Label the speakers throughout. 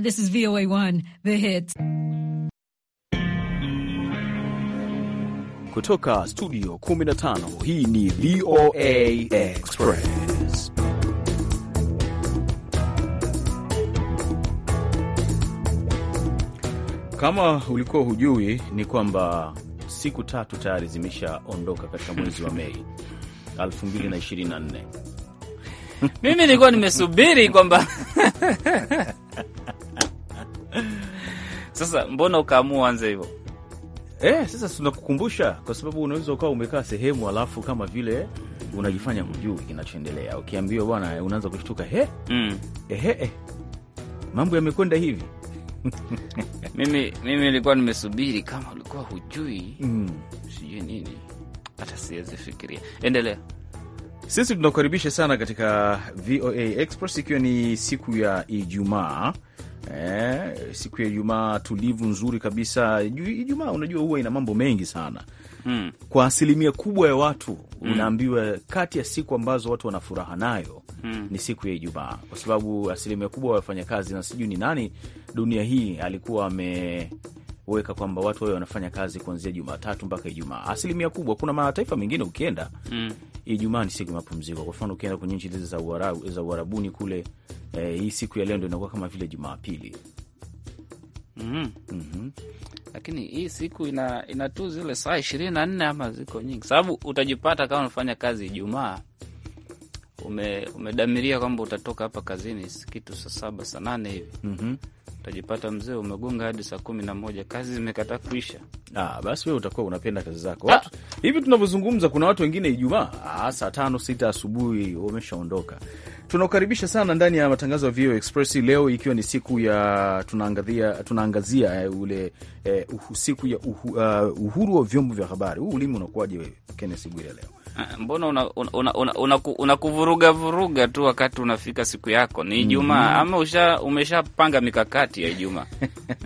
Speaker 1: This is VOA1, The Hits.
Speaker 2: Kutoka studio 15 hii ni VOA Express. Kama ulikuwa hujui ni kwamba siku tatu tayari zimeshaondoka katika mwezi wa Mei 2024.
Speaker 3: Mimi nilikuwa nimesubiri kwamba Sasa mbona ukaamua anze hivyo? Eh, sasa
Speaker 2: tunakukumbusha kwa sababu unaweza ukawa umekaa sehemu alafu kama vile unajifanya hujui kinachoendelea. Ukiambiwa bwana, unaanza kushtuka he, eh, mm. Eh, eh, eh, mambo yamekwenda hivi
Speaker 3: mimi mimi nilikuwa nimesubiri kama ulikuwa hujui mm. sijui nini, hata siwezi fikiria. Endelea.
Speaker 2: Sisi tunakukaribisha sana katika VOA Express, ikiwa ni siku ya Ijumaa eh, siku ya Ijumaa tulivu nzuri kabisa. Ijumaa unajua huwa ina mambo mengi sana mm. Kwa asilimia kubwa ya watu mm. unaambiwa kati ya siku ambazo watu wana furaha nayo mm. ni siku ya Ijumaa, kwa sababu asilimia kubwa wafanyakazi, na sijui ni nani dunia hii alikuwa ame weka kwamba watu wao wanafanya kazi kuanzia Jumatatu mpaka Ijumaa, asilimia kubwa. Kuna mataifa mengine ukienda mm. Ijumaa ni siku ya mapumziko. Kwa mfano, ukienda kwenye nchi za Uarabu, za Uarabuni kule eh, hii siku ya leo ndo inakuwa kama vile Jumapili.
Speaker 3: mm -hmm. mm -hmm. Lakini hii siku ina, ina tu zile saa ishirini na nne ama ziko nyingi, sababu utajipata kama unafanya kazi Ijumaa ume, umedamiria kwamba utatoka hapa kazini kitu saa saba saa nane hivi mm -hmm utajipata mzee umegonga hadi saa kumi na moja, kazi zimekata kuisha.
Speaker 2: Ah, basi wewe utakuwa unapenda kazi zako ah! hivi tunavyozungumza. Kuna watu wengine Ijumaa ah, saa tano sita asubuhi wameshaondoka. Tunakukaribisha sana ndani ya matangazo ya VOA Express leo, ikiwa ni siku ya tunaangazia, tunaangazia eh, ule eh, uhu, siku ya uhu, uh, uhuru wa vyombo vya habari. Huu ulimi unakuwaje wewe Kennes Bwire leo?
Speaker 3: Mbona unakuvuruga una, una, una, una vuruga tu wakati unafika siku yako ni Ijumaa mm -hmm. Ama usha, umeshapanga mikakati ya Ijumaa?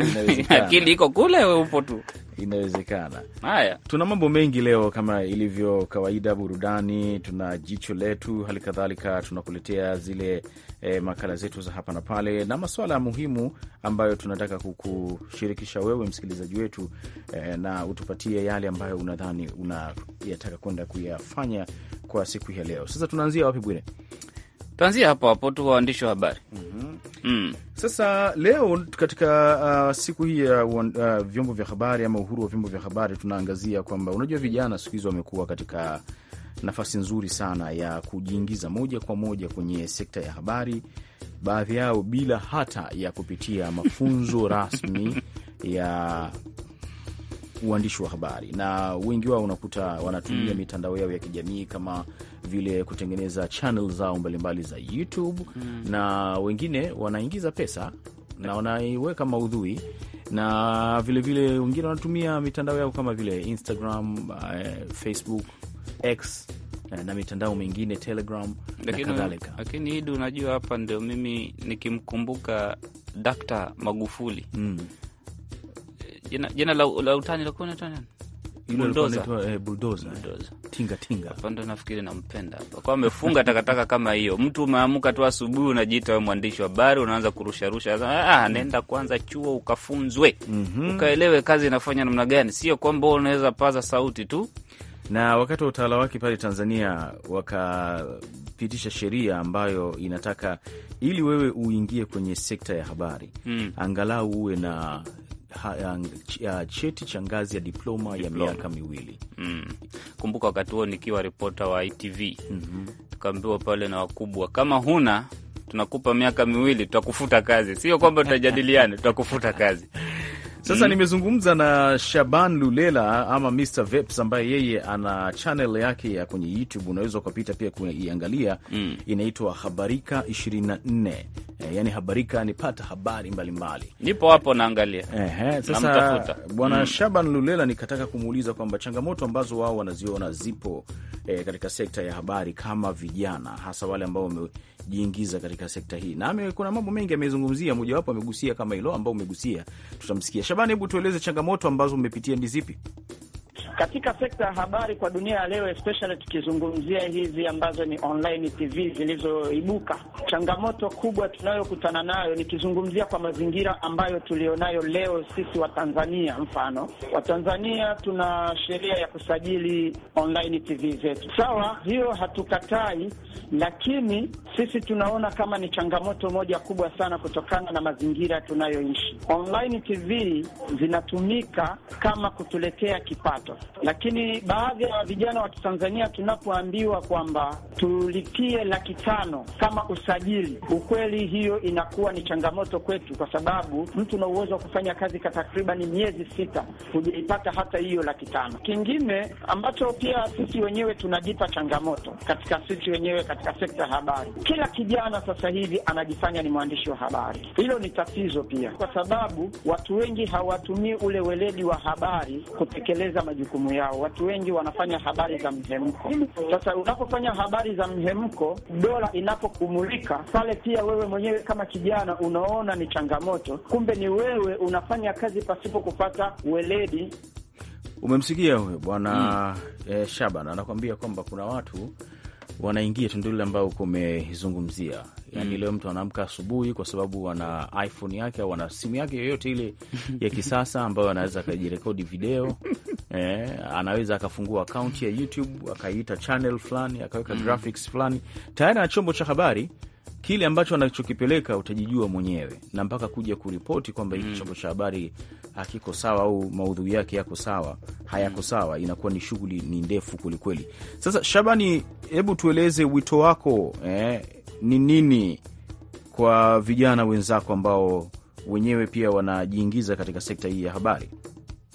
Speaker 2: akili
Speaker 3: iko kule, we upo tu
Speaker 2: Inawezekana. Haya, tuna mambo mengi leo, kama ilivyo kawaida, burudani, tuna jicho letu, hali kadhalika tunakuletea zile e, makala zetu za hapa na pale na maswala muhimu ambayo tunataka kukushirikisha wewe msikilizaji wetu e, na utupatie yale ambayo unadhani unayataka kwenda kuyafanya kwa siku ya leo. Sasa tunaanzia wapi Bwire?
Speaker 3: Tuanzie hapo hapo tu waandishi wa habari. mm-hmm. mm. Sasa leo
Speaker 2: katika uh, siku hii ya uh, uh, vyombo vya habari ama uhuru wa vyombo vya habari tunaangazia kwamba unajua vijana siku hizi wamekuwa katika nafasi nzuri sana ya kujiingiza moja kwa moja kwenye sekta ya habari, baadhi yao bila hata ya kupitia mafunzo rasmi ya uandishi wa habari, na wengi wao unakuta wanatumia mm. mitandao yao ya kijamii kama vile kutengeneza channel zao mbalimbali za YouTube mm. na wengine wanaingiza pesa na wanaiweka maudhui na vilevile wengine wanatumia mitandao yao kama vile Instagram, uh, Facebook X eh, na mitandao mingine Telegram
Speaker 3: na kadhalika. Lakini hidi, unajua hapa ndio mimi nikimkumbuka Dakta Magufuli mm. Jina, jina la, la utani lakuwa naitwa nani? Eh, Ndo nafikiri nampenda hapa kwa amefunga takataka kama hiyo. Mtu umeamka tu asubuhi, unajiita we mwandishi wa habari, unaanza kurusharusha. Ah, ah, nenda kwanza chuo ukafunzwe, mm -hmm. ukaelewe kazi inafanya namna gani, sio kwamba unaweza paza sauti tu
Speaker 2: na wakati wa utawala wake pale Tanzania wakapitisha sheria ambayo inataka ili wewe uingie kwenye sekta ya habari mm, angalau uwe na Ha, uh, cheti cha ngazi ya diploma, diploma ya miaka
Speaker 3: miwili mm. Kumbuka wakati huo nikiwa ripota wa ITV mm -hmm. Tukaambiwa pale na wakubwa, kama huna tunakupa miaka miwili, tutakufuta kazi. Sio kwamba tutajadiliana, tutakufuta kazi sasa mm.
Speaker 2: nimezungumza na Shaban Lulela ama Mr Veps ambaye yeye ana channel yake ya kwenye YouTube, unaweza ukapita pia kuiangalia mm. inaitwa Habarika 24 Eh, yani habarika nipata habari mbalimbali
Speaker 3: mbali. Nipo hapo naangalia ehe. sasa bwana mm.
Speaker 2: Shaban Lulela nikataka kumuuliza kwamba changamoto ambazo wao wanaziona zipo e, katika sekta ya habari kama vijana hasa wale ambao wamejiingiza katika sekta hii, na kuna mambo mengi amezungumzia, mojawapo amegusia kama hilo ambao umegusia, tutamsikia Shaban. Hebu tueleze changamoto ambazo umepitia ni zipi?
Speaker 4: katika sekta ya habari kwa dunia ya leo, especially tukizungumzia hizi ambazo ni online TV zilizoibuka, changamoto kubwa tunayokutana nayo, nikizungumzia kwa mazingira ambayo tulionayo leo sisi Watanzania, mfano Watanzania tuna sheria ya kusajili online TV zetu, sawa, hiyo hatukatai, lakini sisi tunaona kama ni changamoto moja kubwa sana kutokana na mazingira tunayoishi. Online TV zinatumika kama kutuletea kipato lakini baadhi ya vijana wa Kitanzania tunapoambiwa kwamba tulipie laki tano kama usajili, ukweli hiyo inakuwa ni changamoto kwetu, kwa sababu mtu na uwezo wa kufanya kazi kwa takribani miezi sita hujaipata hata hiyo laki tano. Kingine ambacho pia sisi wenyewe tunajipa changamoto katika sisi wenyewe katika sekta ya habari, kila kijana sasa hivi anajifanya ni mwandishi wa habari. Hilo ni tatizo pia, kwa sababu watu wengi hawatumii ule weledi wa habari kutekeleza majukumu majukumu yao. Watu wengi wanafanya habari za mhemko. Sasa unapofanya habari za mhemko, dola inapokumulika pale, pia wewe mwenyewe kama kijana unaona ni changamoto, kumbe ni wewe unafanya kazi pasipo kupata weledi
Speaker 2: Umemsikia huyo bwana mm. eh, Shaban anakuambia kwamba kuna watu wanaingia tunduli ambao kumezungumzia Yani mm. Leo mtu anaamka asubuhi kwa sababu ana iPhone yake au ana simu yake yoyote ile ya kisasa ambayo anaweza akajirekodi video eh, anaweza akafungua akaunti ya YouTube akaiita channel fulani akaweka mm. graphics fulani tayari na chombo cha habari kile ambacho anachokipeleka utajijua mwenyewe, na mpaka kuja kuripoti kwamba hiki mm. chombo cha habari hakiko sawa au maudhui yake yako sawa hayako mm. sawa, inakuwa ni shughuli ni ndefu kwelikweli. Sasa Shabani, hebu tueleze wito wako eh, ni nini kwa vijana wenzako ambao wenyewe pia wanajiingiza katika sekta hii ya habari?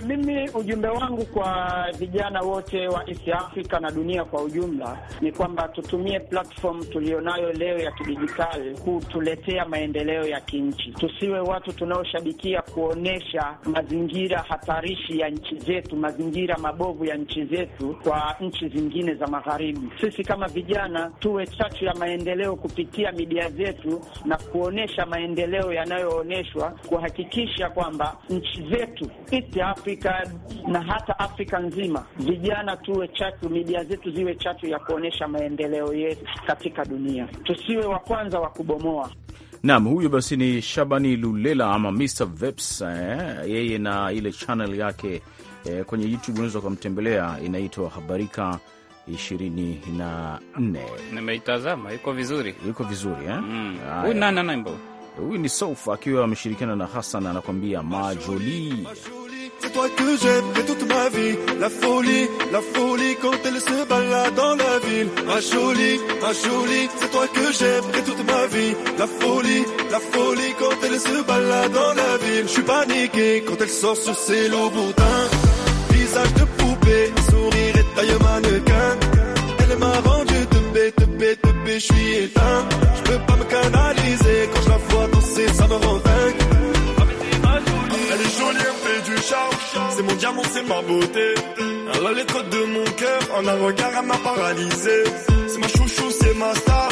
Speaker 4: Mimi ujumbe wangu kwa vijana wote wa East Africa na dunia kwa ujumla ni kwamba tutumie platform tuliyonayo leo ya kidijitali kutuletea maendeleo ya kinchi. Tusiwe watu tunaoshabikia kuonyesha mazingira hatarishi ya nchi zetu, mazingira mabovu ya nchi zetu kwa nchi zingine za magharibi. Sisi kama vijana tuwe chachu ya maendeleo kupitia midia zetu na kuonyesha maendeleo yanayoonyeshwa, kuhakikisha kwamba nchi zetu East Africa Afrika na hata Afrika nzima, vijana tuwe chachu, midia zetu ziwe chachu ya kuonyesha maendeleo yetu katika dunia, tusiwe wa kwanza wa kubomoa.
Speaker 2: Naam, huyo basi ni Shabani Lulela ama Mr Veps eh, yeye na ile channel yake eh, kwenye YouTube unaweza ukamtembelea, inaitwa Habarika 24 na
Speaker 3: Nimeitazama,
Speaker 2: iko vizuri, iko vizuri eh? Mm. Huyu Huyu ni Sofa akiwa ameshirikiana na Hassan, anakuambia majolii
Speaker 5: C'est toi que j'aimerais toute ma vie. La folie, la folie quand elle se balade dans la ville. Ma jolie, ma jolie, c'est toi que j'aimerais toute ma vie. La folie, la folie quand elle se balade dans la ville. Je suis paniqué quand elle sort sur ses lots boudins. Visage de poupée, sourire et taille mannequin. Elle m'a rendu de bête, de bête, je suis éteint. diamant c'est ma beauté. à la les de mon cœur, en un regard elle m'a paralysé. C'est ma chouchou, c'est ma star.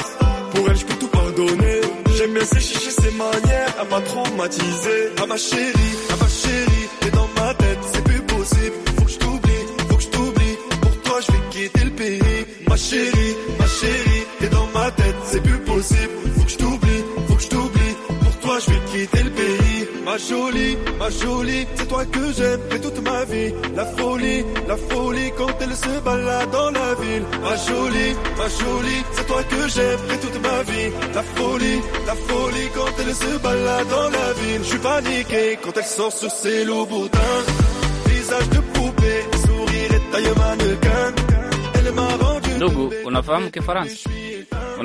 Speaker 5: Pour elle je peux tout pardonner. J'aime bien ses chichis, ses manières, elle m'a traumatisé. à ah, ma chérie, à ah, ma chérie, t'es dans ma tête, c'est plus possible. Faut que je t'oublie, faut que je t'oublie. Pour toi je vais quitter le pays. Ma chérie, ma chérie, t'es dans ma tête, c'est plus possible Ma jolie, ma jolie, c'est toi que j'aime toute ma vie. La folie, la folie quand elle se balade dans la ville. Ma jolie, ma jolie, c'est toi que j'aime toute ma vie. La folie, la folie quand elle se balade dans la ville. Je suis paniqué quand elle sort sur ses loups boutins. Visage de poupée, sourire et taille mannequin. Elle m'a rendu. femme unafahamu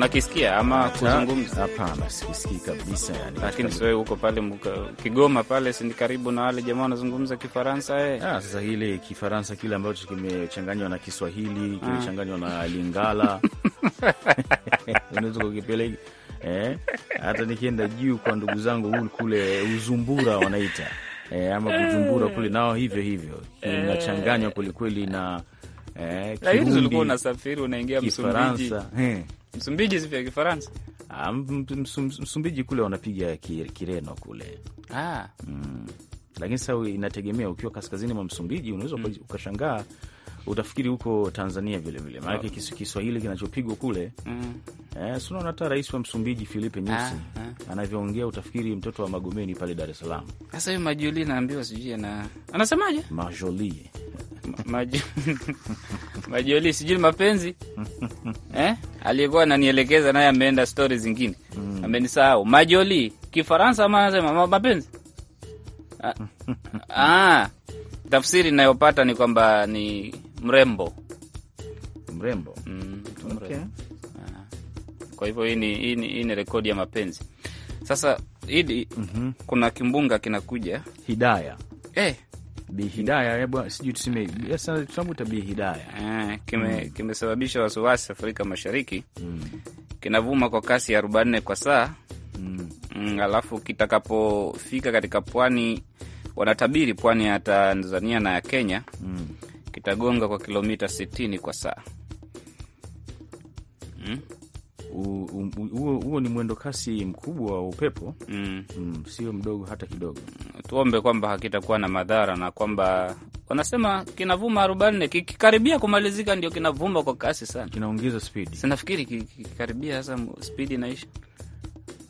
Speaker 3: unakisikia ama kuzungumza? Hapana, sikusikii kabisa yani. Lakini sio huko pale muka, Kigoma pale si karibu na wale jamaa wanazungumza Kifaransa eh. Ah, sasa hili Kifaransa kile ambacho
Speaker 2: kimechanganywa na Kiswahili ah. kimechanganywa na Lingala unaweza kukipeleka eh, hata nikienda juu kwa ndugu zangu kule Uzumbura wanaita eh, ama Kujumbura kule eh. nao hivyo hivyo inachanganywa eh. kwelikweli na eh, Kirundi, unasafiri unaingia Msumbiji
Speaker 3: Msumbiji zipi ya Kifaransa?
Speaker 2: Ah, Msumbiji kule wanapiga Kireno kule ah. Mm. Lakini sasa inategemea, ukiwa kaskazini mwa Msumbiji unaweza mm. ukashangaa utafikiri huko Tanzania vilevile, maanake Kiswahili kinachopigwa kule mm. Eh, si unaona hata rais wa Msumbiji Filipe ah, Nyusi ah. anavyoongea utafikiri mtoto wa Magomeni pale Dar es Salaam.
Speaker 3: Sasa hiyo Majoli naambiwa sijui na anasemaje Majoli Majoli sijui mapenzi eh? Aliyekuwa ananielekeza naye ameenda stori zingine mm. Amenisahau Majoli Kifaransa ama anasema mapenzi ah, tafsiri inayopata ni kwamba ni mrembo mrembo, mm, mrembo. Okay. Ah. Kwa hivyo hii ni rekodi ya mapenzi sasa hidi mm -hmm. Kuna kimbunga kinakuja Hidaya eh. Bi Hidaya sijui tuseme tunamuita Bi Hidaya eh, mm. kimesababisha kime wasiwasi Afrika Mashariki mm. Kinavuma kwa kasi ya 44 kwa saa mm. Mm, alafu kitakapofika katika pwani wanatabiri pwani ya Tanzania na ya Kenya mm itagonga kwa kilomita 60 kwa saa. Hmm?
Speaker 2: Huo hmm? ni mwendo kasi mkubwa wa upepo mm. Mm, sio mdogo hata kidogo.
Speaker 3: Tuombe kwamba hakitakuwa na madhara na kwamba wanasema kinavuma arobaini, kikikaribia kumalizika ndio kinavuma kwa kasi sana, kinaongeza spidi. Sinafikiri kikikaribia sasa spidi inaisha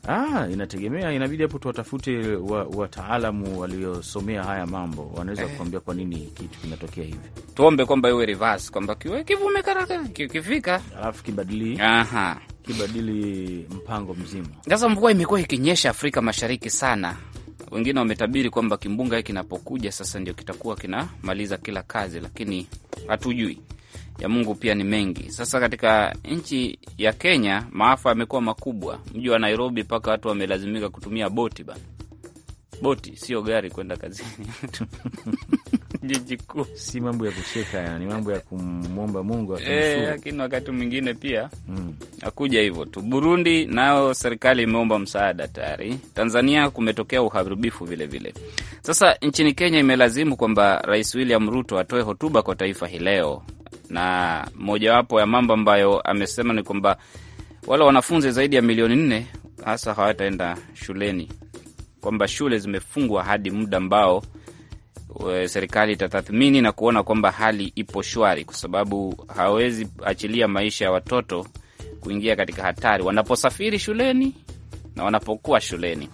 Speaker 2: Ah, inategemea, inabidi hapo tuwatafute wataalamu
Speaker 3: wa waliosomea haya mambo, wanaweza kukwambia eh, kwa nini kitu kinatokea hivi. Tuombe kwamba iwe reverse, kwamba kivume karaka kikifika, alafu kibadili aha, kibadili mpango mzima. Sasa mvua imekuwa ikinyesha Afrika Mashariki sana wengine wametabiri kwamba kimbunga hiki kinapokuja sasa ndio kitakuwa kinamaliza kila kazi, lakini hatujui ya Mungu pia ni mengi. Sasa katika nchi ya Kenya maafa yamekuwa makubwa, mji wa Nairobi mpaka watu wamelazimika kutumia boti bana, boti sio gari kwenda kazini jiji kuu. Si mambo ya kucheka, ni mambo ya kumwomba Mungu eh, lakini e, wakati mwingine pia mm, akuja hivyo tu. Burundi nayo serikali imeomba msaada tayari. Tanzania kumetokea uharibifu vilevile. Sasa nchini Kenya imelazimu kwamba Rais William Ruto atoe hotuba kwa taifa hii leo na mojawapo ya mambo ambayo amesema ni kwamba wale wanafunzi zaidi ya milioni nne hasa hawataenda shuleni, kwamba shule zimefungwa hadi muda ambao e, serikali itatathmini na kuona kwamba hali ipo shwari, kwa sababu hawezi achilia maisha ya watoto kuingia katika hatari wanaposafiri shuleni na wanapokuwa shuleni.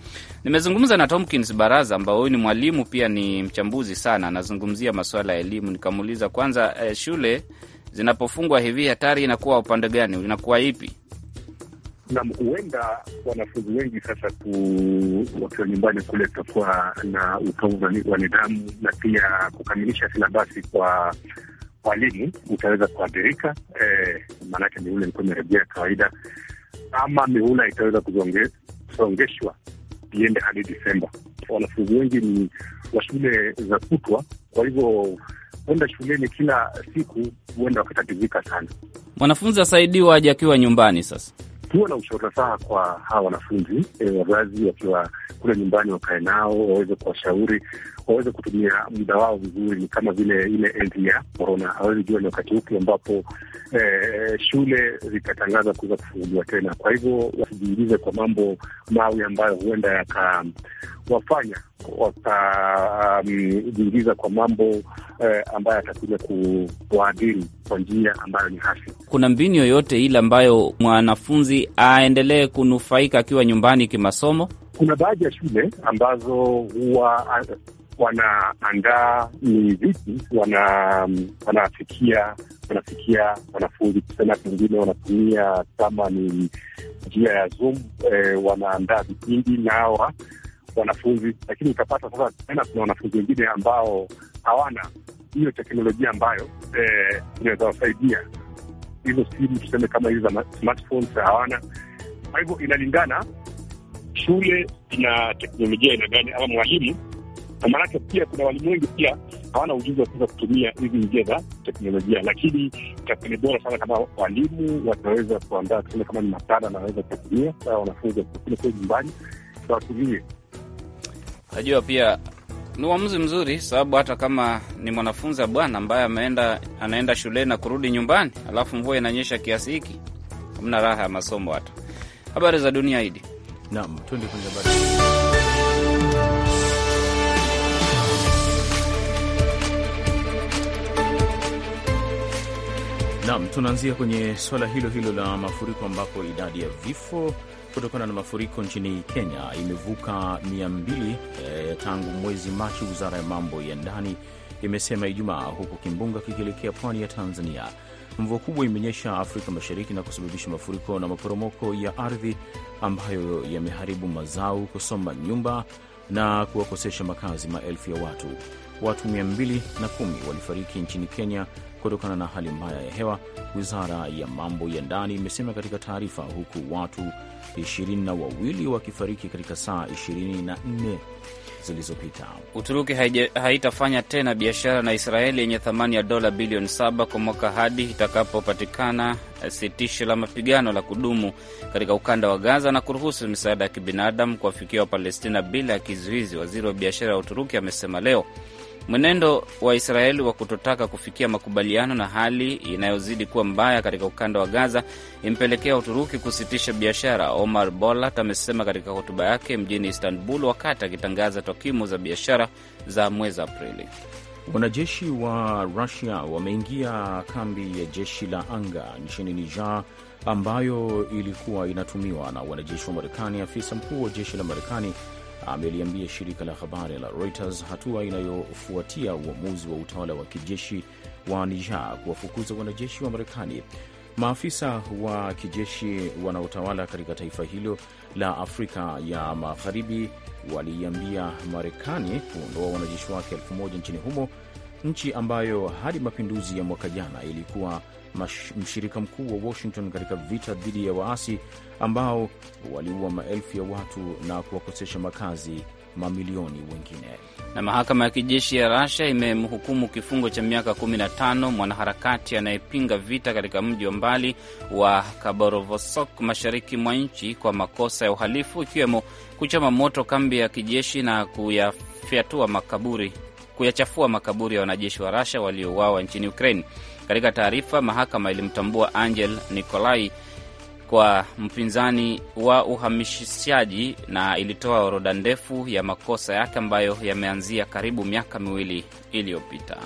Speaker 3: Nimezungumza na Tomkins Baraza ambao huyu ni mwalimu pia ni mchambuzi sana, anazungumzia masuala ya elimu. Nikamuuliza kwanza, eh, shule zinapofungwa hivi hatari inakuwa upande gani, inakuwa ipi?
Speaker 6: nam huenda wanafunzi wengi sasa ku wakiwa nyumbani kule tutakuwa na utovu wa nidhamu na pia kukamilisha silabasi kwa walimu utaweza kuathirika. Eh, maanake mihula ilikuwa imerejea kawaida ama mihula itaweza kuzongeshwa iende hadi Desemba. Wanafunzi wengi ni wa shule za kutwa, kwa hivyo kwenda shuleni kila siku huenda wakitatizika sana.
Speaker 3: Mwanafunzi asaidiwa aje akiwa nyumbani. Sasa
Speaker 6: tuwe na ushauri nasaha kwa hawa wanafunzi e, wazazi wakiwa kule nyumbani wakae nao waweze kuwashauri waweze kutumia muda wao vizuri, kama vile ile enzi ya korona. Hawezi jua ni wakati upi ambapo eh, shule zitatangaza kuweza kufunguliwa tena. Kwa hivyo wasijiingize kwa mambo mawi ambayo huenda yakawafanya wakajiingiza um, kwa mambo eh, ambayo yatakuja kuwaadhiri kwa njia ambayo ni hasi.
Speaker 3: Kuna mbinu yoyote ile ambayo mwanafunzi aendelee kunufaika akiwa nyumbani kimasomo?
Speaker 6: kuna baadhi ya shule ambazo huwa wanaandaa ni viti wanafikia wanafikia wanafunzi kusema, pengine wanatumia kama ni njia ya Zoom e, wanaandaa vipindi na wanafunzi, lakini utapata sasa tena kuna wanafunzi wengine ambao hawana hiyo teknolojia ambayo e, inaweza wasaidia hizo simu tuseme kama hizi za smartphones hawana. Kwa hivyo inalingana shule ina teknolojia aina gani ama mwalimu, na maanake pia kuna walimu wengi pia hawana ujuzi wa kuweza kutumia hizi njia za teknolojia, lakini itakuwa ni bora sana kama walimu wataweza kuandaa, tuseme kama ni makala anaweza kutumia saa wanafunzi wakiwa nyumbani watumie.
Speaker 3: Najua pia ni uamuzi mzuri, sababu hata kama ni mwanafunzi wa bwana ambaye ameenda anaenda shuleni na kurudi nyumbani, alafu mvua inanyesha kiasi hiki, hamna raha ya masomo. Hata habari za dunia hidi Naam, tuende kwenye habari
Speaker 2: Nam, tunaanzia kwenye swala hilo hilo la mafuriko ambapo idadi ya vifo kutokana na mafuriko nchini Kenya imevuka mia mbili eh, tangu mwezi Machi, wizara ya mambo ya ndani imesema Ijumaa, huku kimbunga kikielekea pwani ya Tanzania. Mvua kubwa imenyesha Afrika Mashariki na kusababisha mafuriko na maporomoko ya ardhi ambayo yameharibu mazao, kusomba nyumba na kuwakosesha makazi maelfu ya watu. Watu 210 walifariki nchini Kenya kutokana na hali mbaya ya hewa, wizara ya mambo ya ndani imesema katika taarifa, huku watu 2 na wawili wakifariki katika saa 24 zilizopita.
Speaker 3: Uturuki haitafanya tena biashara na Israeli yenye thamani ya dola bilioni saba kwa mwaka hadi itakapopatikana eh, sitisho la mapigano la kudumu katika ukanda wa Gaza na kuruhusu misaada ya kibinadamu kuwafikia Wapalestina bila ya kizuizi, waziri wa biashara ya Uturuki amesema leo. Mwenendo wa Israeli wa kutotaka kufikia makubaliano na hali inayozidi kuwa mbaya katika ukanda wa Gaza impelekea Uturuki kusitisha biashara, Omar Bolat amesema katika hotuba yake mjini Istanbul wakati akitangaza takwimu za biashara za mwezi Aprili.
Speaker 2: Wanajeshi wa Rusia wameingia kambi ya jeshi la anga nchini Niger ambayo ilikuwa inatumiwa na wanajeshi wa Marekani. Afisa mkuu wa jeshi la Marekani ameliambia shirika la habari la Reuters hatua inayofuatia uamuzi wa utawala wa kijeshi wa Niger kuwafukuza wanajeshi wa Marekani. Maafisa wa kijeshi wanaotawala katika taifa hilo la Afrika ya Magharibi waliiambia Marekani kuondoa wanajeshi wake elfu moja nchini humo, nchi ambayo hadi mapinduzi ya mwaka jana ilikuwa mshirika mkuu wa Washington katika vita dhidi ya waasi
Speaker 3: ambao waliua maelfu ya watu na kuwakosesha
Speaker 2: makazi mamilioni wengine.
Speaker 3: Na mahakama ya kijeshi ya Rasia imemhukumu kifungo cha miaka 15 mwanaharakati anayepinga vita katika mji wa mbali wa Khabarovsk mashariki mwa nchi kwa makosa ya uhalifu ikiwemo kuchoma moto kambi ya kijeshi na kuyafyatua makaburi, kuyachafua makaburi ya wanajeshi wa rasha waliouawa nchini Ukraine. Katika taarifa, mahakama ilimtambua Angel Nikolai kwa mpinzani wa uhamishishaji na ilitoa orodha ndefu ya makosa yake ambayo yameanzia karibu miaka miwili iliyopita.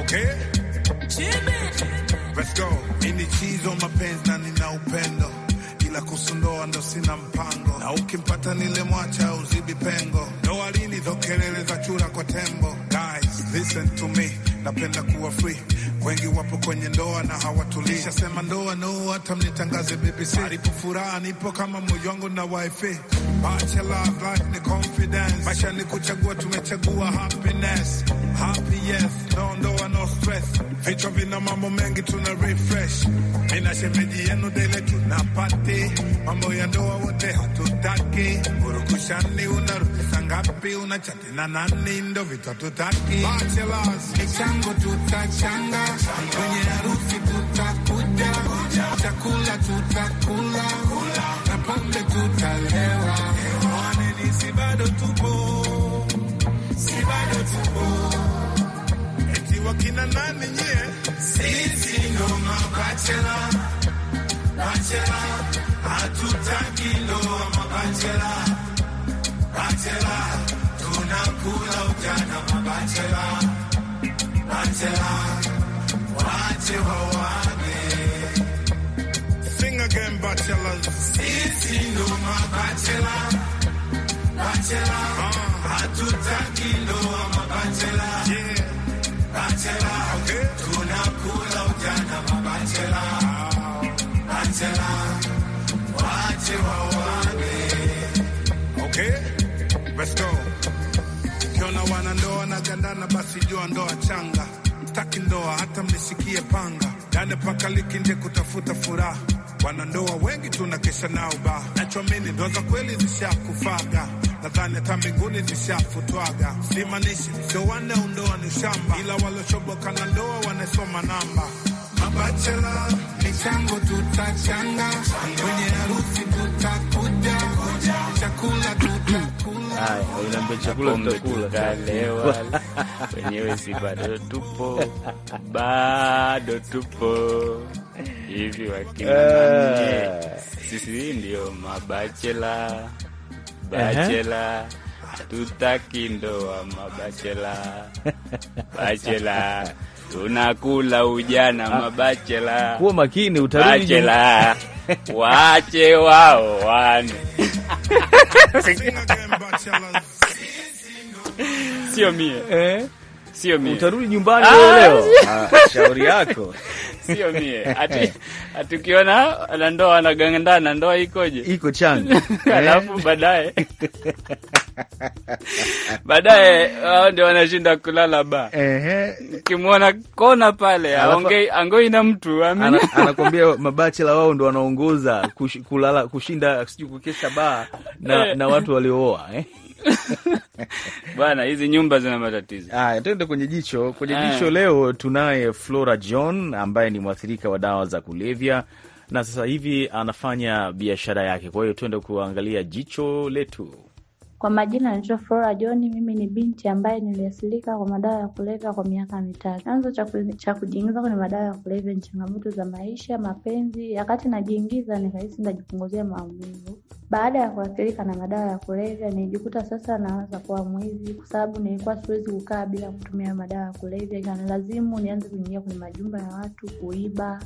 Speaker 5: Okay?
Speaker 7: Let's go. Ni michizo mapenzi na nina upendo, ila kusundoa ndo sina mpango, na ukimpata nile mwacha uzibi pengo, ndoa lini dhokelele za chura kwa tembo. Guys, listen to me, napenda kuwa free wengi wapo kwenye ndoa na hawatulisha sema ndoa no, hata mnitangaze BBC. Alipo furaha nipo kama moyo wangu na wife. Bachelor of life ni confidence, maisha ni kuchagua, tumechagua happiness, happy yes, no ndoa no stress, vichwa vina mambo mengi, tuna refresh. Mina shemeji yenu dele tunapati, mambo ya ndoa wote hatutaki, urukushani unarudisha ngapi, unachatina nani, ndo vitu hatutaki. Bachelors, michango tutachanga kwenye harusi tutakuja, chakula tutakula na pombe tutalewa. Mwaneni, si bado tupo, si bado tupo, eti wakina nani tunakula ujana, mabachela, bachela Sing again, bachelors. Sisi ndo mabachela. Bachela. Ah. Hatutaki ndoa mabachela. Yeah. Bachela. Okay. Tunakula ujana mabachela. Bachela. Wache waoane. Okay. Let's go. Ukiona wanandoa wanagandana basi jua ndoa changa hamtaki ndoa, hata mnisikie panga dane yaani paka nje kutafuta furaha. Wanandoa wengi tunakesha nao ba, nachoamini ndoa za kweli zishakufaga nadhani hata mbinguni nishafutwaga Simanishi sio wanne undoa ni shamba, ila waliochoboka na ndoa wanasoma namba. Mabachela michango tutachanga, kwenye harusi tutakuja,
Speaker 3: chakula tutakula, unaambia chakula tutakula, kalewa wenyewe, si bado tupo, bado tupo hivi wakinamanye eh. sisi ndio mabachela,
Speaker 2: bachela
Speaker 3: tutaki ndoa, mabachela, bachela tunakula ujana, ah. mabachela. Kuwa makini, utabachela wache wao wane sio mie eh? Sio mie. Utarudi nyumbani leo Ah, ah Shauri yako. Sio mie. Ati atukiona na ndoa wanagangandana, ndoa ikoje? Iko changu. Alafu eh? baadaye baadaye wao ndio wanashinda kulala ba.
Speaker 2: Ehe.
Speaker 3: Ukimwona kona pale aongei angoi
Speaker 2: na mtu amini. Anakuambia mabachela wao ndio wanaongoza kulala kushinda sijui kukesha ba na, eh. na watu waliooa eh.
Speaker 3: Bwana, hizi nyumba zina matatizo. Aya, tuende kwenye jicho. Kwenye Aya, jicho
Speaker 2: leo tunaye Flora John ambaye ni mwathirika wa dawa za kulevya na sasa hivi anafanya biashara yake. Kwa hiyo tuende kuangalia jicho letu.
Speaker 8: Kwa majina anaitwa Flora John. Mimi ni binti ambaye niliasilika kwa madawa ya kulevya kwa miaka mitatu. Chanzo cha kujiingiza kwenye madawa ya kulevya ni changamoto za maisha, mapenzi. Wakati najiingiza, nikahisi nitajipunguzia maumivu baada ya kuathirika na madawa ya kulevya, nilijikuta sasa naanza kuwa mwizi, kwa sababu nilikuwa siwezi kukaa bila kutumia madawa ya kulevya. Ikanilazimu nianze kuingia kwenye majumba ya watu kuiba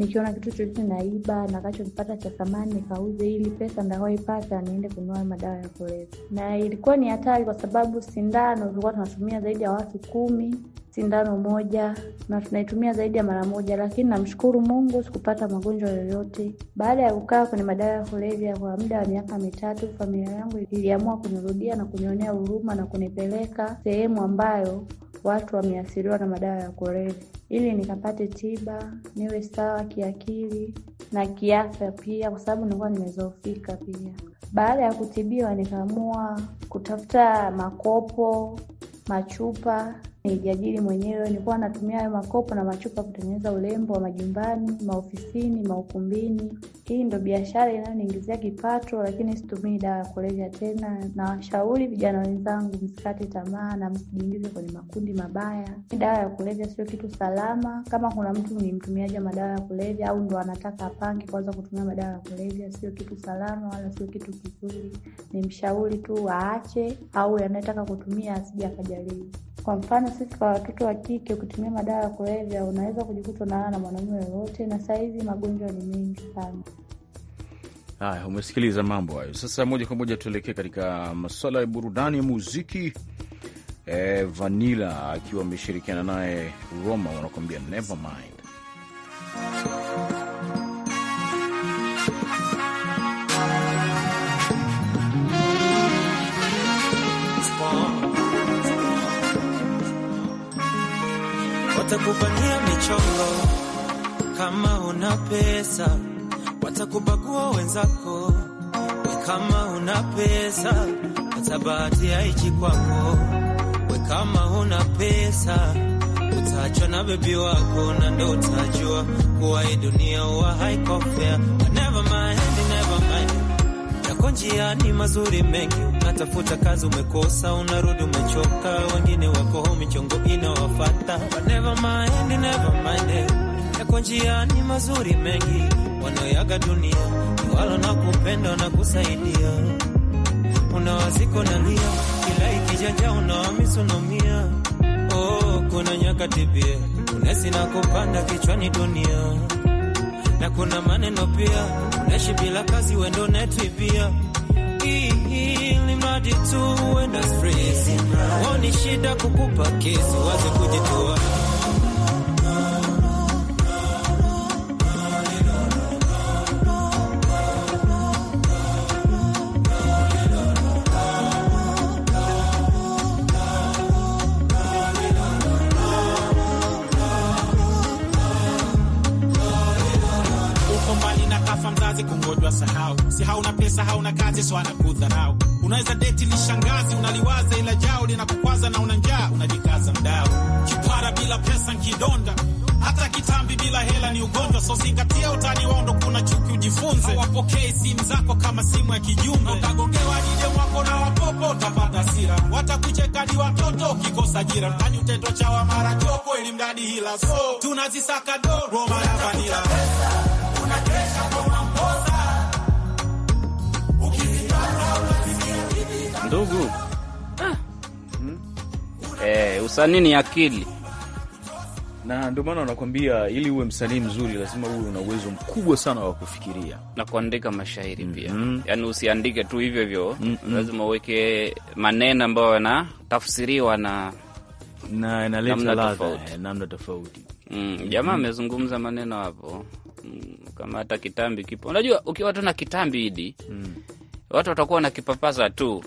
Speaker 8: nikiona kitu chochote naiba nakachokipata cha thamani nikauze, ili pesa nitakayoipata niende kununua madawa ya kulevya. Na ilikuwa ni hatari, kwa sababu sindano tulikuwa tunatumia zaidi ya watu kumi sindano moja na tunaitumia zaidi ya mara moja, lakini namshukuru Mungu sikupata magonjwa yoyote. Baada ya kukaa kwenye madawa ya kulevya kwa muda wa miaka mitatu, familia yangu iliamua kunirudia na kunionea huruma na kunipeleka sehemu ambayo watu wameathiriwa na madawa ya kulevya ili nikapate tiba, niwe sawa kiakili na kiafya pia, kwa sababu nilikuwa nimezofika pia. Baada ya kutibiwa, nikaamua kutafuta makopo, machupa nijiajiri mwenyewe nilikuwa natumia hayo makopo na machupa kutengeneza urembo wa majumbani maofisini maukumbini hii ndo biashara inayoniingizia kipato lakini situmii dawa ya kulevya tena nawashauri vijana wenzangu msikate tamaa na msijiingize kwenye makundi mabaya dawa ya kulevya sio kitu salama kama kuna mtu ni mtumiaji wa madawa ya kulevya au ndo anataka apange kwanza kutumia madawa ya kulevya sio kitu salama wala sio kitu kizuri ni mshauri tu aache au anayetaka kutumia asije akajaribu kwa mfano sisi kwa watoto wa kike, ukitumia madawa ya kulevya unaweza kujikuta unaana na mwanaume yoyote, na saa hizi magonjwa ni mengi sana.
Speaker 2: Haya, umesikiliza mambo hayo. Sasa moja kwa moja tuelekee katika masuala ya burudani ya muziki. E, Vanila akiwa ameshirikiana naye Roma wanakuambia never mind.
Speaker 9: watakubania michongo kama una pesa, watakubagua wenzako we kama una pesa, hata aichi kwako we kama una pesa, utachwa na bebi wako, na ndo utajua kuwa hii dunia huwa haiko fair. Never mind, never mind, yako njiani mazuri mengi unatafuta kazi umekosa, unarudi umechoka, wengine wako home chongo inawafata. Never mind, never mind, yako njiani mazuri mengi, wanaoyaga dunia walo na kupenda na kusaidia, unawaziko nalia, kila ikijanja unawamisi unaumia. Oh, kuna nyakati pia unesi na kupanda kichwani dunia, na kuna maneno pia unaishi bila kazi wendo netwibia haki ili mradi tu uwe na stress, woni shida kukupa kesi
Speaker 2: umesahau hauna kazi, so anakudharau. Unaweza deti ni shangazi, unaliwaza ila jao linakukwaza, na una njaa unajikaza mdao. Kipara bila pesa nkidonda, hata kitambi bila hela ni ugonjwa, so zingatia utani wao, ndo kuna chuki ujifunze. Wapokee simu zako kama simu ya kijumbe, utagongewa jide mwako na wapopo, utapata watakucheka ni watoto ukikosa jira, mtani utendo chawa mara chopo, ili mdadi hila, so tunazisaka do Roma ya vanila
Speaker 3: ndugu hmm? Eh, usanii ni akili
Speaker 2: na ndio maana wanakwambia ili uwe msanii mzuri lazima uwe una uwezo mkubwa sana wa kufikiria
Speaker 3: na kuandika mashairi mm -hmm. Pia yani usiandike tu hivyo hivyo mm -hmm. Lazima uweke maneno ambayo yanatafsiriwa na na inaleta ladha eh, namna tofauti. Mm, jamaa hmm. amezungumza mm -hmm. maneno hapo mm, kama hata kitambi kipo, unajua ukiwa tu na kitambi hidi mm. watu watakuwa na kipapasa tu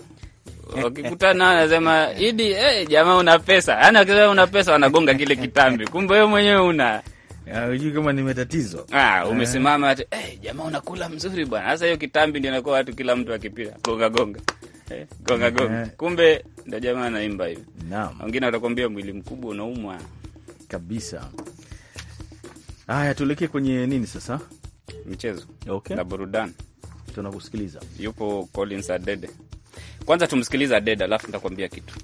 Speaker 3: wakikutana anasema Idi, hey, eh, jamaa una pesa. Yani wakisema una pesa wanagonga kile kitambi, kumbe wewe mwenyewe una hujui kama ni matatizo. Ah, umesimama ati hey, eh, jamaa unakula mzuri bwana. Sasa hiyo kitambi ndio inakuwa watu kila mtu akipita gonga gonga eh, gonga gonga, kumbe ndo jamaa anaimba hivi. Naam, wengine watakwambia mwili mkubwa unaumwa
Speaker 2: kabisa. Haya, tuelekee kwenye nini sasa?
Speaker 3: Michezo okay, na burudani. Tunakusikiliza. Yupo Collins Adede. Kwanza tumsikiliza Deda alafu nitakuambia kitu.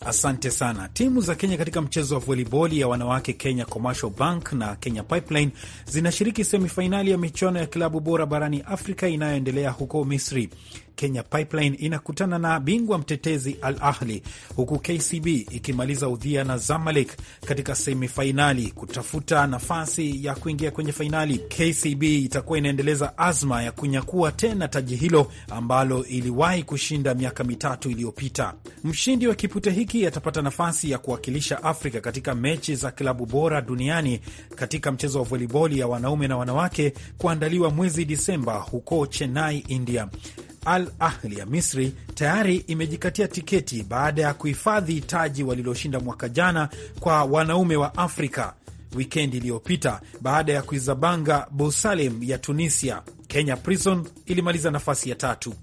Speaker 1: Asante sana. Timu za Kenya katika mchezo wa voliboli ya wanawake, Kenya Commercial Bank na Kenya Pipeline zinashiriki semifainali ya michuano ya klabu bora barani Afrika inayoendelea huko Misri. Kenya Pipeline inakutana na bingwa mtetezi Al Ahli, huku KCB ikimaliza udhia na Zamalek katika semifainali kutafuta nafasi ya kuingia kwenye fainali. KCB itakuwa inaendeleza azma ya kunyakua tena taji hilo ambalo iliwahi kushinda miaka mitatu iliyopita. Mshindi wa kipute hiki atapata nafasi ya kuwakilisha Afrika katika mechi za klabu bora duniani katika mchezo wa voliboli ya wanaume na wanawake kuandaliwa mwezi Disemba huko Chennai, India. Al Ahli ya Misri tayari imejikatia tiketi baada ya kuhifadhi taji waliloshinda mwaka jana kwa wanaume wa Afrika wikendi iliyopita baada ya kuizabanga Bousalem ya Tunisia. Kenya Prison ilimaliza nafasi ya tatu.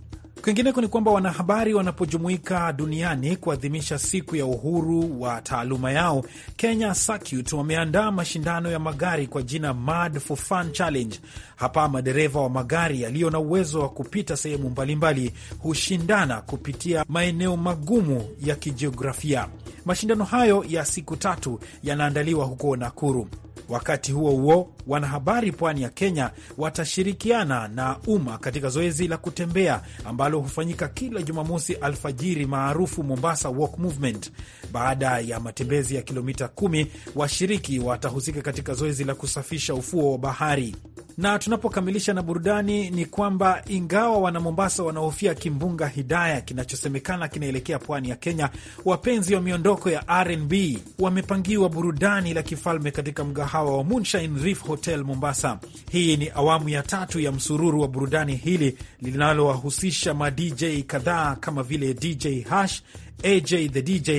Speaker 1: Kwingineko ni kwamba wanahabari wanapojumuika duniani kuadhimisha siku ya uhuru wa taaluma yao, Kenya Circuit wameandaa mashindano ya magari kwa jina Mad for Fun Challenge. Hapa madereva wa magari yaliyo na uwezo wa kupita sehemu mbalimbali hushindana kupitia maeneo magumu ya kijiografia. Mashindano hayo ya siku tatu yanaandaliwa huko Nakuru. Wakati huo huo, wanahabari pwani ya Kenya watashirikiana na umma katika zoezi la kutembea ambalo hufanyika kila Jumamosi alfajiri maarufu Mombasa Walk Movement. Baada ya matembezi ya kilomita kumi, washiriki watahusika katika zoezi la kusafisha ufuo wa bahari. Na tunapokamilisha na burudani ni kwamba ingawa wana mombasa wanahofia kimbunga Hidaya kinachosemekana kinaelekea pwani ya Kenya, wapenzi wa miondoko ya RnB wamepangiwa burudani la kifalme katika mga mkahawa wa Moonshine Reef Hotel Mombasa. Hii ni awamu ya tatu ya msururu wa burudani hili linalowahusisha ma DJ kadhaa kama vile DJ Hash, AJ the DJ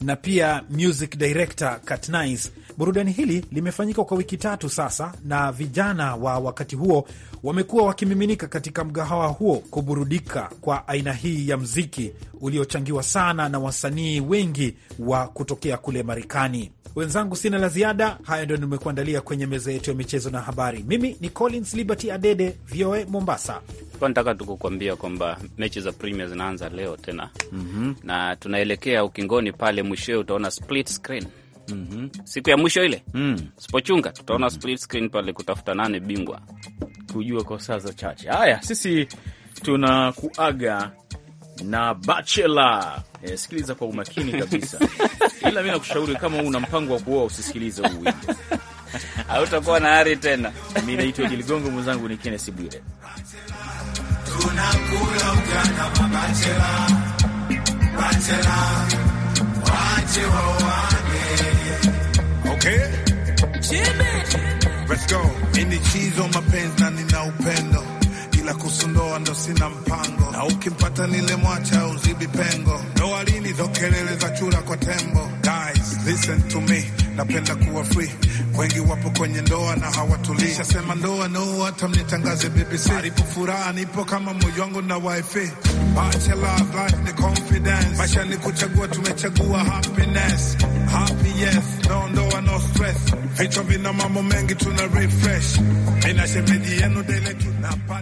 Speaker 1: na pia music director Katnice. Burudani hili limefanyika kwa wiki tatu sasa, na vijana wa wakati huo wamekuwa wakimiminika katika mgahawa huo kuburudika kwa aina hii ya mziki uliochangiwa sana na wasanii wengi wa kutokea kule Marekani. Wenzangu, sina la ziada. Haya ndio nimekuandalia kwenye meza yetu ya michezo na habari. Mimi ni Collins Liberty Adede, VOA Mombasa.
Speaker 3: Nataka tukukuambia kwamba mechi za Premier zinaanza leo tena mm -hmm. na tunaelekea ukingoni pale, mwishowe utaona split screen mm -hmm. siku ya mwisho ile mm. sipochunga tutaona mm -hmm. split screen pale kutafuta nane bingwa,
Speaker 2: kujua kwa saa za chache. Haya, sisi tunakuaga na Bachelor. Eh, sikiliza kwa umakini kabisa, ila mi nakushauri kama una mpango wa kuoa usisikilize huu wimbo,
Speaker 3: hautakuwa na hari tena. Mi naitwa Jiligongo, Ligongo, mwenzangu ni Kennes Bwire.
Speaker 7: Okay, let's go. chizo mapenzi na nina upendo bila kusundoa ndo sina mpango, na ukimpata nile mwacha uzibi pengo. ndo lini dho kelele za chura kwa tembo? Guys, listen to me, napenda kuwa free. Wengi wapo kwenye ndoa na hawatulii. Shasema ndoa no, hata mnitangaze BBC. Alipo furaha nipo kama moyo wangu na wifi. Bachelor life ni confidence, maisha ni kuchagua, tumechagua happiness. Happy yes, no ndoa no stress, vichwa vina mambo mengi, tuna refresh. Mina shemeji yenu dele tunapa